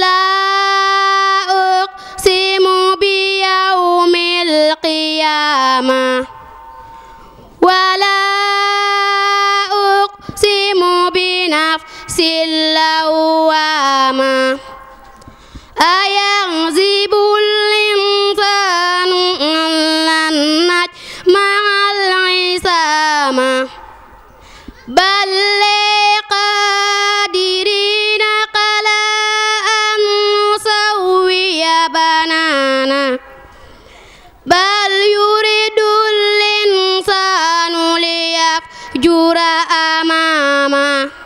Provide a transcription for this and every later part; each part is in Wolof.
laa uqsimu bi yawmil qiyaama النفس اللوامة أيعزب الإنسان أن لن نجمع العصام بل لقادرين على أن نسوي بنانا بل يريد الإنسان ليفجر أمامه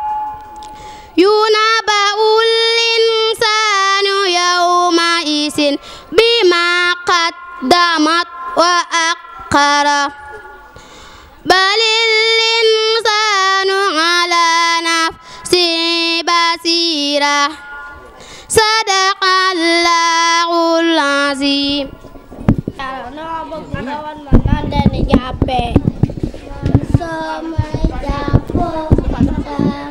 ينبأ الإنسان يومئذ بما قدمت وأخر بل الإنسان على نفسه بصيرة صدق الله العظيم Somebody got four.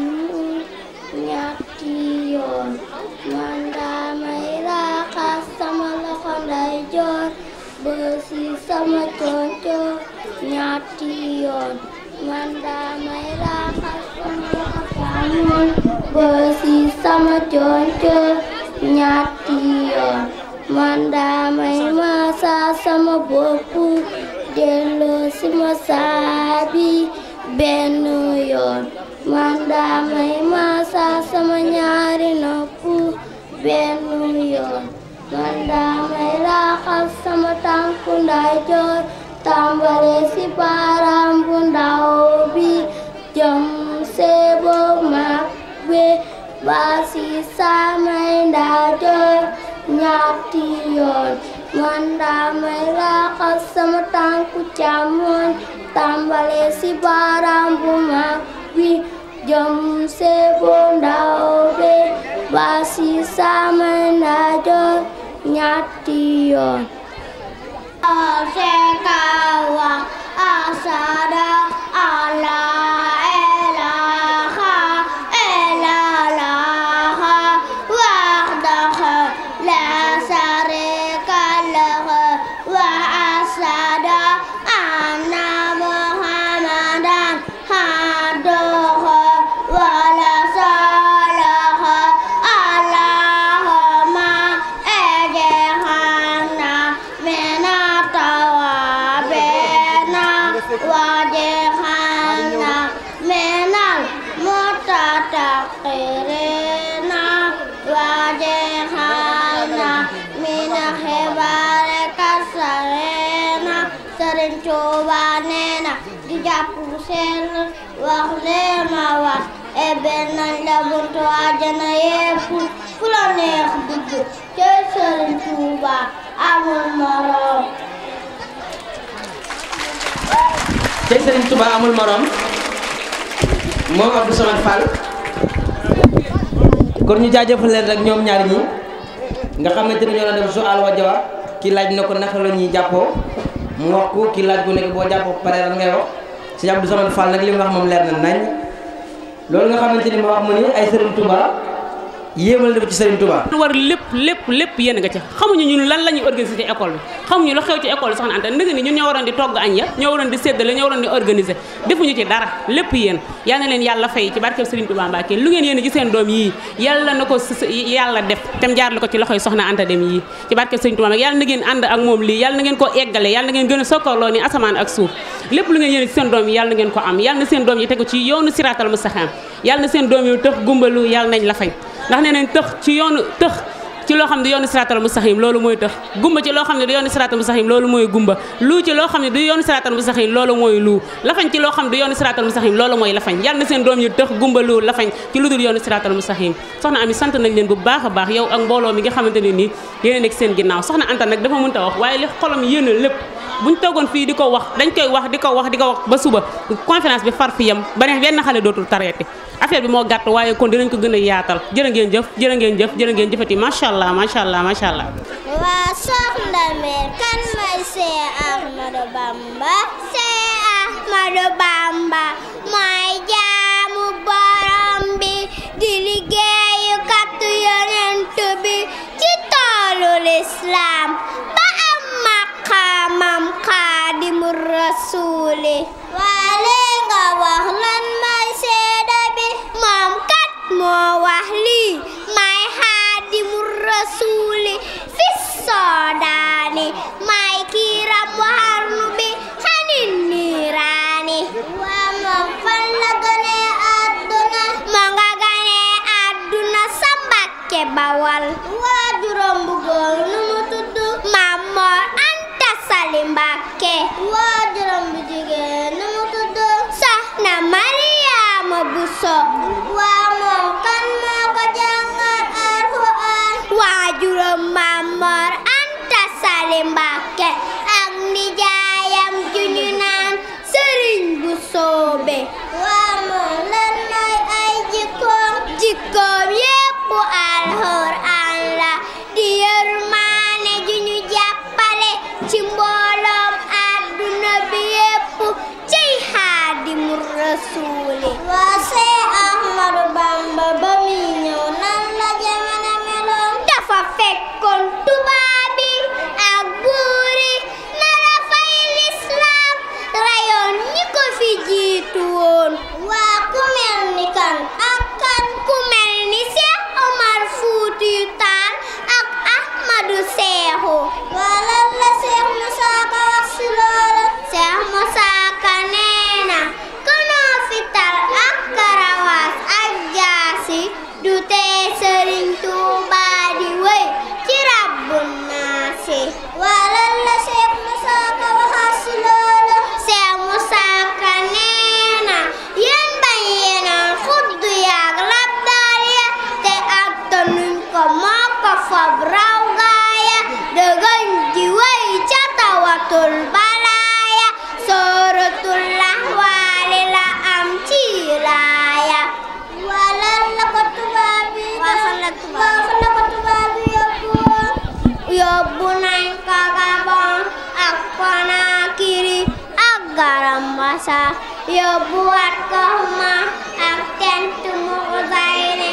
sama tonton ñaati yoon man damay raxas sama xarkanam sama tonton ñaati yoon man damay masa sama bopp delloo ma saabi benn yoon man damay masa sama ñaari nopp benn yoon man daa may raxas sama tànku nday joor si baaraam bu ndaw bi jëm mag bi ba samay nday joor yoon man daa raxas sama tànku càmmoñ tàmbale si baaraam mag bi jëm seeboo ndaw bi ba samay nday ñatti yoon al seka wa asada ala Serigne Touba kon ñu jaajëfal leen rek ñoom ñaar ñi nga xamante ni ñoo doon def su'aal wa jawaab kii laaj na ko naka la ñuy jàppoo mu wax ko kii laaj bu nekk boo jàppoo pare lan ngay wax Serigne Abdou Samad Fall nag li mu wax moom leer na nañ loolu nga xamante ni ma wax mu ni ay Serigne Touba. yéemal na ci Serigne Touba. war lépp lépp lépp yéen nga ca xamuñu ñun lan la ñuy organiser ci école bi xamuñu la xew ci école bi soxna Anta ndëgg ni ñun ñoo waroon di togg añ ya ñoo waroon di séddale ñoo waroon di organiser defuñu ci dara lépp yéen yal na leen yàlla fay ci barkeb Serigne Touba Mbacke lu ngeen yéen ci seen doom yii yàlla na ko yàlla def tam jaarale ko ci loxoy soxna Anta dem yii ci barkeb Serigne Touba yàlla na ngeen ànd ak moom lii yàlla na ngeen ko eggale yàlla na ngeen gën a sokkaloo ni asamaan ak suuf lépp lu ngeen yéen ci seen doom yi yàlla na ngeen ko am yàlla na seen doom yi tegu ci yoonu siraatal mustaxaam yàlla na seen doom yi tëx gumbalu yàlla nañ la fay ndax nee tëx ci yoonu tëx ci loo xam ne du yoonu siraatal mustaxim loolu mooy tëx gumba ci loo xam ne du yoonu siraatal mustaxim loolu mooy gumba luu ci loo xam ne du yoonu siraatal mustaxim loolu mooy luu lafañ ci loo xam ne du yoonu siraatal mustaxim loolu mooy lafañ yal na seen doom yi tëx gumba luu lafañ ci lu dul yoonu siraatal mustaxim soxna Ami sant nañ leen bu baax a baax yow ak mbooloo mi nga xamante ne nii yéen a nekk seen ginnaaw soxna Anta nag dafa mënta wax waaye li xolam yéene lépp buñ toogoon fii di ko wax dañ koy wax di ko wax di ko wax ba suba conférence bi far fi yam ba benn xale dootul tareete affaire bi moo gàtt waaye kon dinañ ko gën a yaatal jërë ngeen jëf jëfati macha allah macha allah macha allah. waa soxna kan mooy Cheikh Ahmadou Bamba. Cheikh Ahmadou Bamba mooy jaamu borom bi di liggéeyu kattu yonent bi ci toolu lislaam ba am maqaamam xaadimu rasuuli. waa li nga wax lan mooy Cheikh moo wax yóbbuwaat ko ma ak tent mu zayne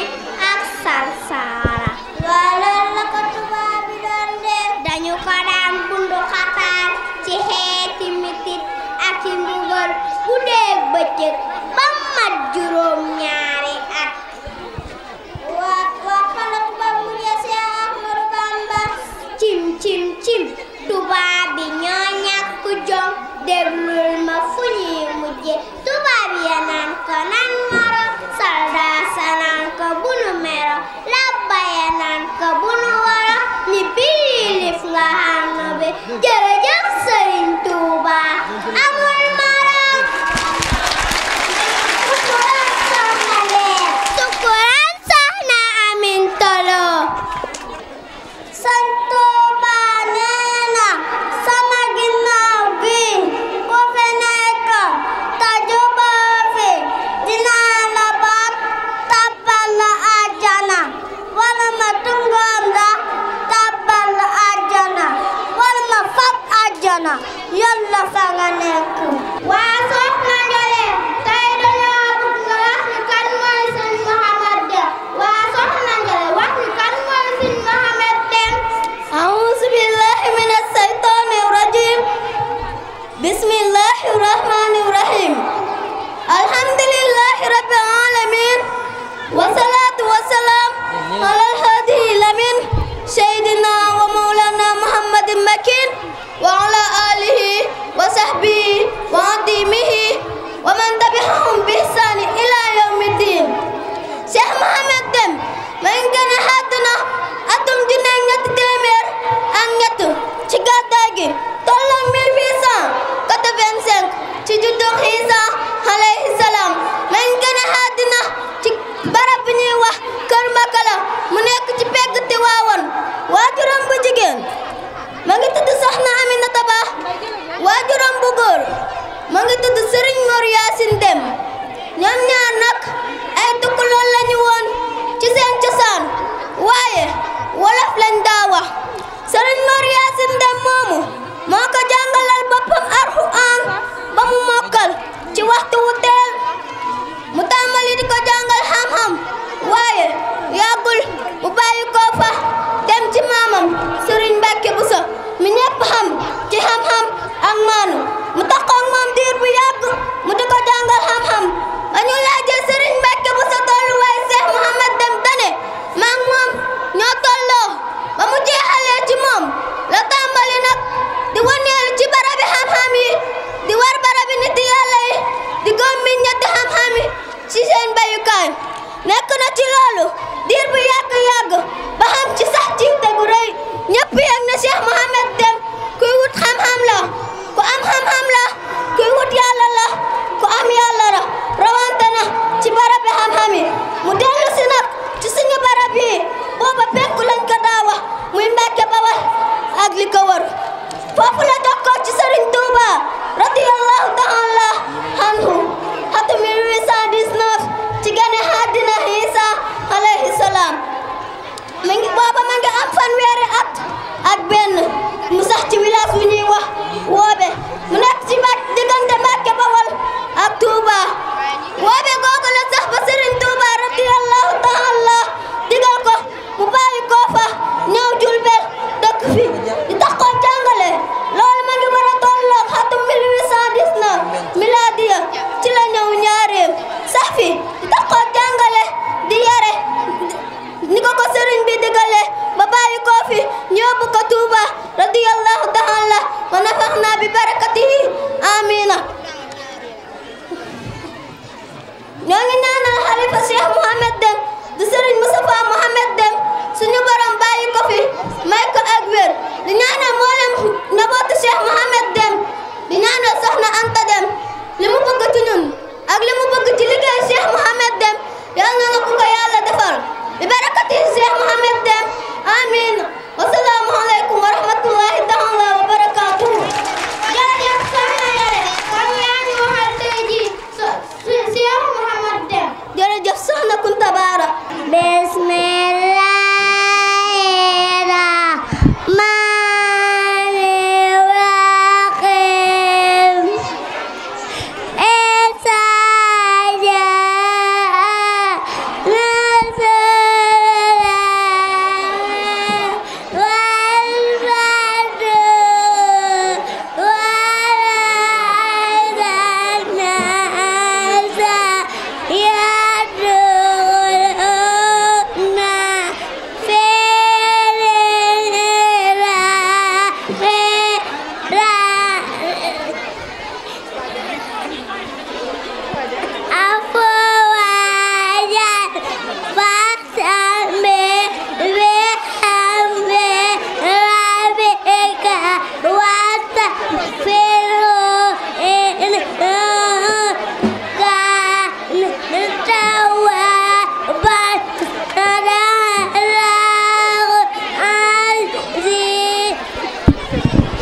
ak sarsaara loolu la ko tubaab doon def dañu ko daan bundu xataal ci xeeti mitit ak ci mbugal bu dee bëccëg ba mat juróom ñaar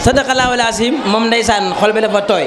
sadaqallaahu al-aziim moom ndeysaan xol bi dafa tooy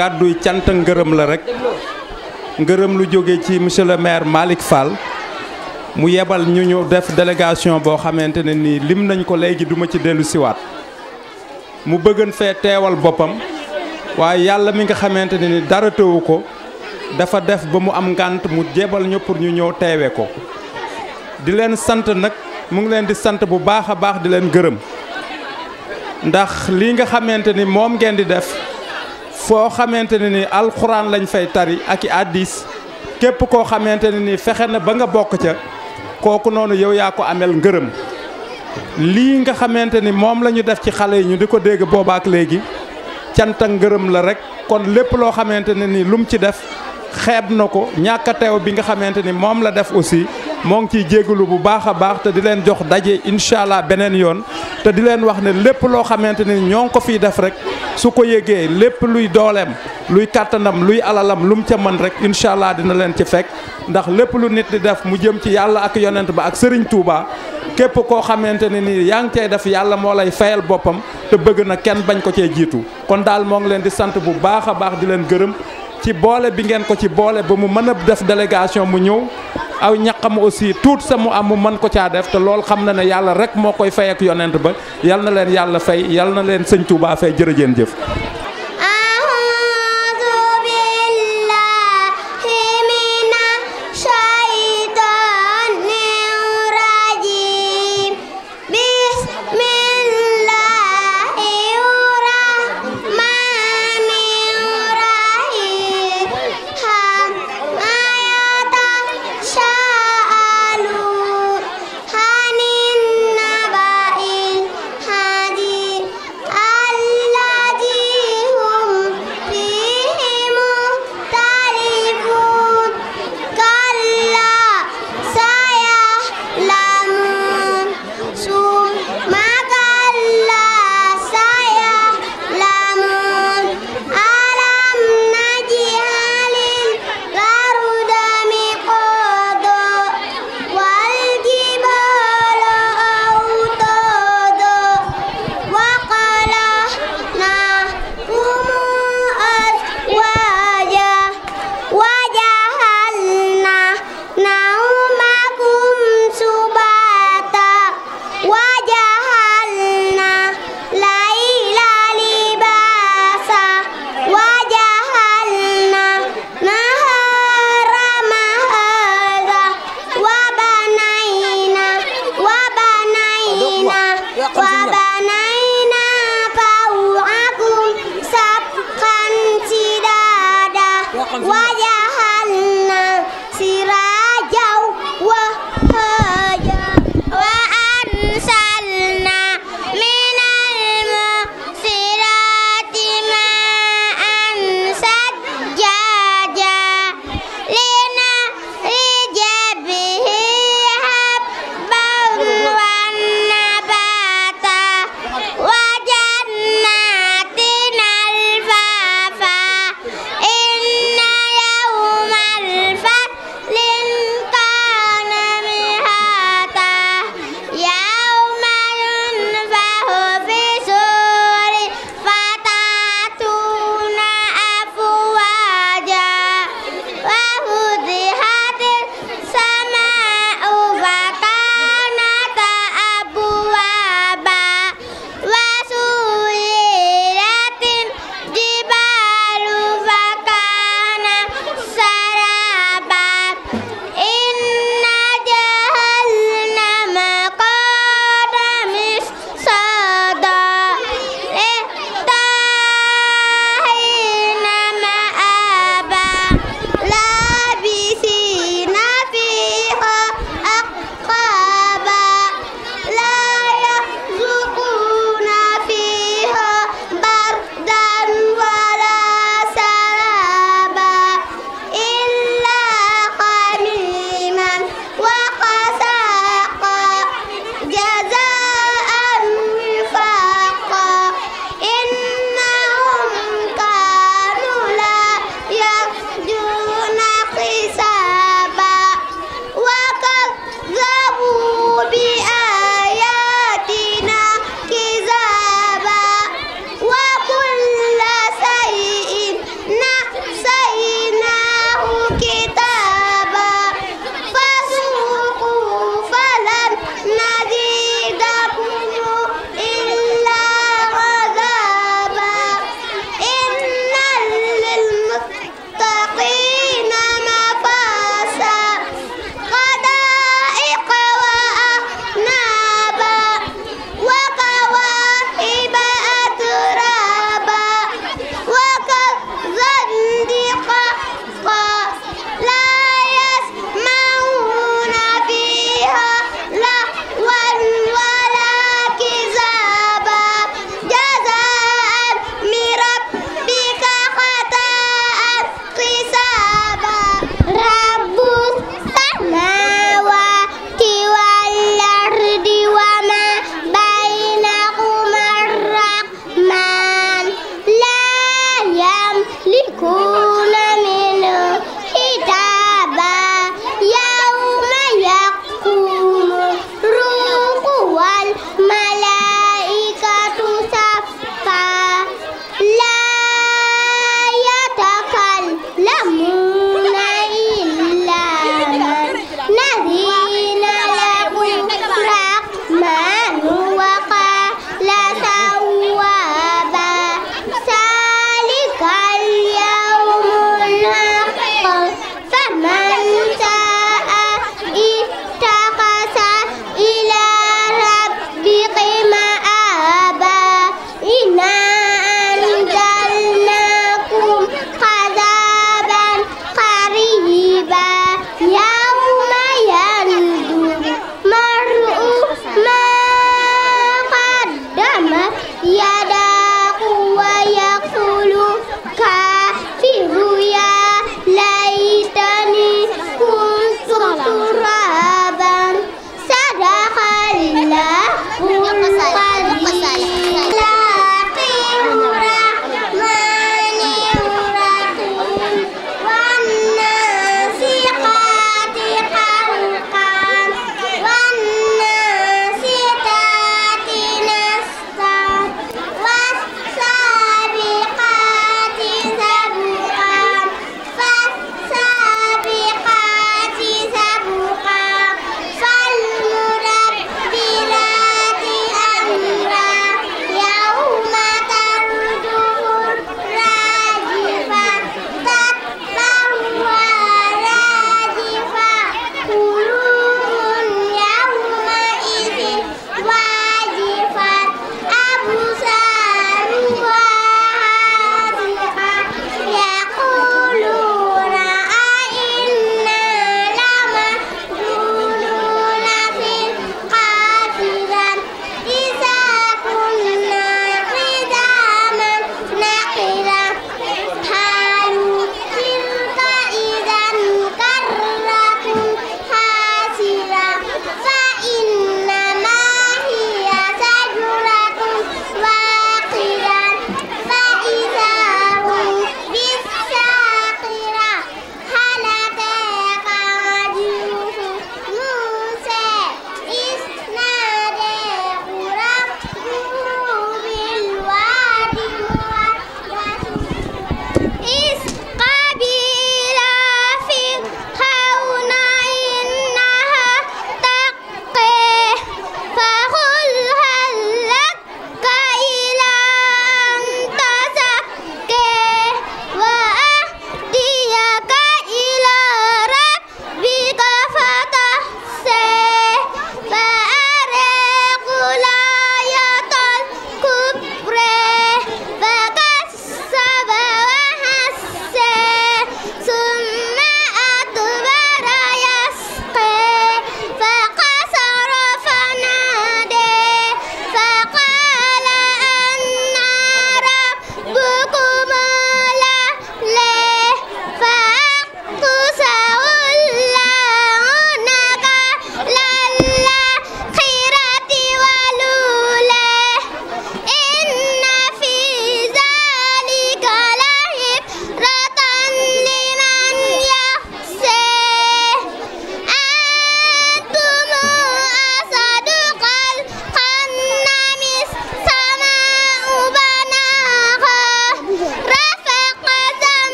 kàdduy cant ngërëm la rekk ngërëm lu jóge ci monsieur le maire Malick Fall mu yebal ñu ñu def délégation boo xamante ne nii lim nañ ko léegi duma ci dellu siwaat mu bëggan fee teewal boppam waaye yàlla mi nga xamante ne ni dara tëwu ko dafa def ba mu am ngànt mu jebal ñu pour ñu ñëw teewe ko di leen sant nag mu ngi leen di sant bu baax a baax di leen gërëm ndax lii nga xamante ni moom ngeen di def foo xamante ne ni alxuraan lañ fay tari ak i addis képp koo xamante ne ni fexe na ba nga bokk ca kooku noonu yow yaa ko ameel ngërëm lii nga xamante ni moom la ñu def ci xale yi ñu di ko dégg boobaak léegi cant ak ngërëm la rek kon lépp loo xamante ne ni lum ci def xeeb na ko ñàkk teew bi nga xamante ni moom la def aussi moo ngi ciy jégalu bu baax a baax te di leen jox daje incha allah beneen yoon te di leen wax ne lépp loo xamante ne ñoo ngi ko fiy def rek su ko yégee lépp luy dooleem luy kàttanam luy alalam lum ca mën rek incha allah dina leen ci fekk ndax lépp lu nit di def mu jëm ci yàlla ak yonent ba ak Serigne Touba képp koo xamante ne nii yaa ngi cay def yàlla moo lay fayal boppam te bëgg na kenn bañ ko cee jiitu kon daal moo ngi leen di sant bu baax a baax di leen gërëm ci boole bi ngeen ko ci boole ba mu mën a def délégation mu ñëw aw ñaqam aussi tuut sa mu am mu mën ko caa def te lool xam na ne yàlla rek moo koy fay ak yonent ba yal na leen yàlla fay yal na leen sëñ Tuubaa fay jërëjeen jëf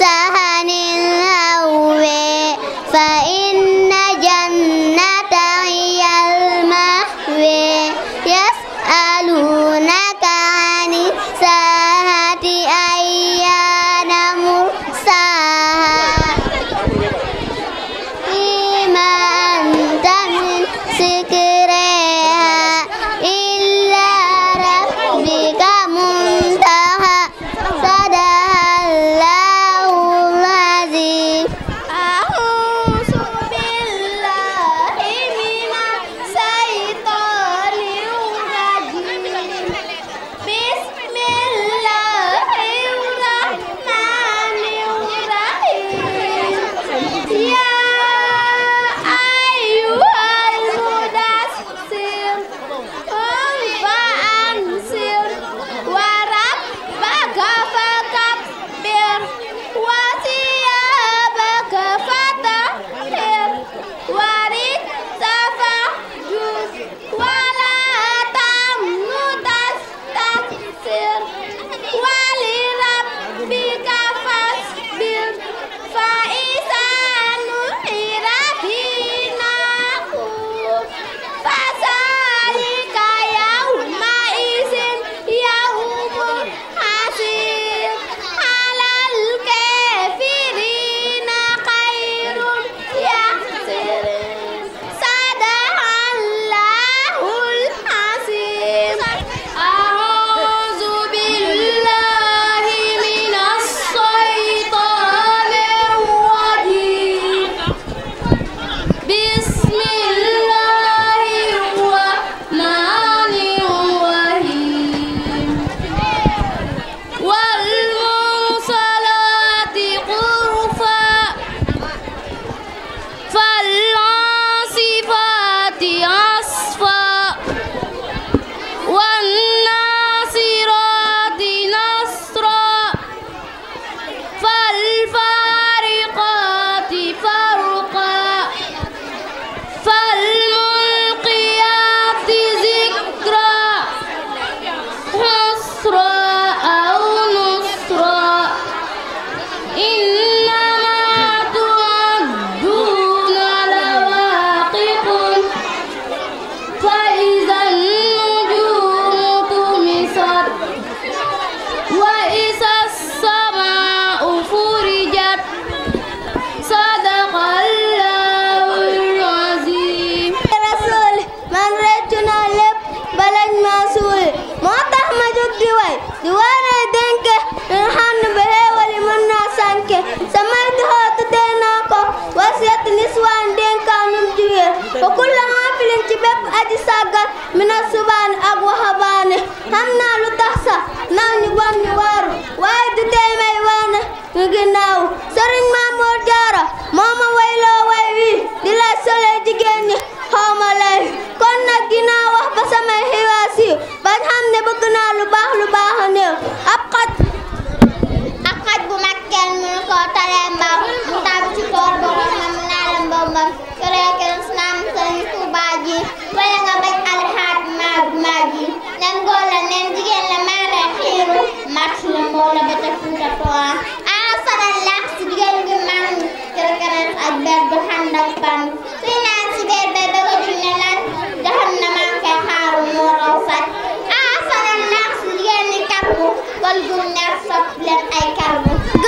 مسها di sàggal mi na subaane ak waxabaane xam naa lu tax sax mag ñu bon ñu waaru waaye du tey may waane ñu ginnaaw sëriñ Mamour Diarra moo ma wayloo way wi di la sole jigéen ñi xaw ma lay kon nag dinaa wax ba samay xiwaas yi ba xam ne bëgg naa lu baax lu baax a néew ab xaj ab xaj bu mag kenn mënu koo talee mbaaw mu taab ci koor borom na doomam yoree ko islam Sëriñ Tuuba ji wala nga bañ alxaat maag maag yi nen góor la nen jigéen la maara xiiru marche la mbooloo ba ca Fuuta Tooro aa faral laax si jigéen bi man kerkeres ak ber du xandak ban suy naan si beer ba bëgg a ne lan joxam na man kay xaaru moo raw fat aa faral laax si jigéen ni karbu wal gu neex sopp leen ay karbu